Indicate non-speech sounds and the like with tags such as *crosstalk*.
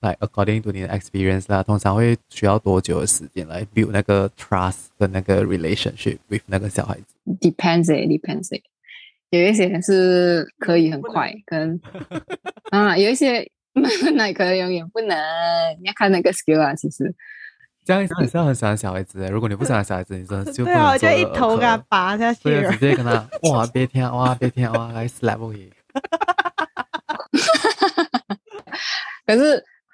嚟、like，according to 你的 experience 啦，通常會需要多久的時間來 build 那個 trust 跟那個 relationship with 那個小孩子？Depends，depends，it it Depends。It. 有一些是可以很快，能，可能 *laughs* 啊，有一些可能永遠不能。你要看那個 skill 啊，其實。這樣，你真係很喜歡小孩子。如果你不喜歡小孩子， *laughs* 你真的就不對啊，就一頭他拔下去了，所以就直接跟他哇，別聽，哇，別聽，哇，死啦，不可以。 *laughs* *laughs* 可是。